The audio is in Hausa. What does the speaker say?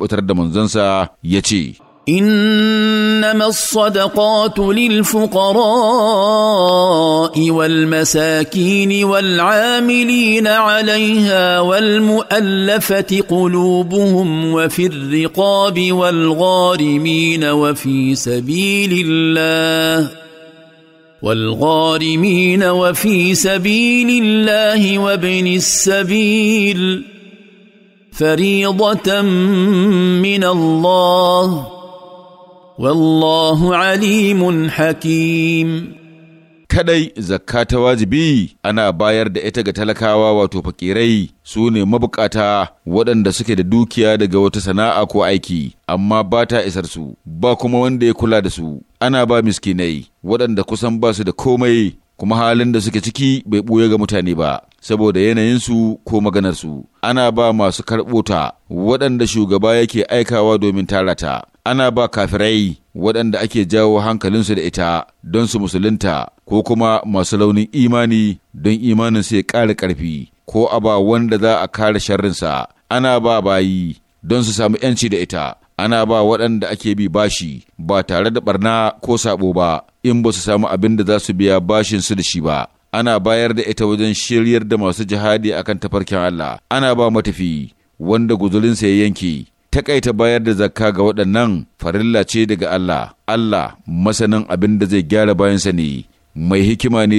kubutar da manzansa ya ce, إنما الصدقات للفقراء والمساكين والعاملين عليها والمؤلفة قلوبهم وفي الرقاب والغارمين وفي سبيل الله والغارمين وفي سبيل الله وابن السبيل فريضه من الله والله عليم حكيم kadai zakka ta wajibi ana bayar da ita ga talakawa wato fakirai su ne mabukata waɗanda suke da dukiya daga wata sana'a ko aiki amma ba ta isar su ba kuma wanda ya kula da su ana ba miskinai waɗanda kusan ba su da komai kuma halin da suke ciki bai ɓuya ga mutane ba saboda yanayinsu ko maganarsu, ana ba masu karɓota waɗanda shugaba yake aikawa domin tarata. ana ba kafirai waɗanda ake jawo hankalinsu da ita don su musulunta ko kuma masu launin imani don imaninsu ya ƙara ƙarfi, ko a ba wanda za a kare sharrinsa, ana ba bayi don su samu ‘yanci da ita. ana ba waɗanda ake bi bashi ba tare da ɓarna ko sabo ba in ba su samu abin da za su biya bashin su da shi ba ana bayar da ita wajen shiryar da masu jihadi a kan tafarkin Allah ana ba matafi wanda guzulinsa ya yanke takaita bayar da zakka ga waɗannan farilla ce daga Allah Allah masanin abin da zai gyara bayansa ne mai hikima ne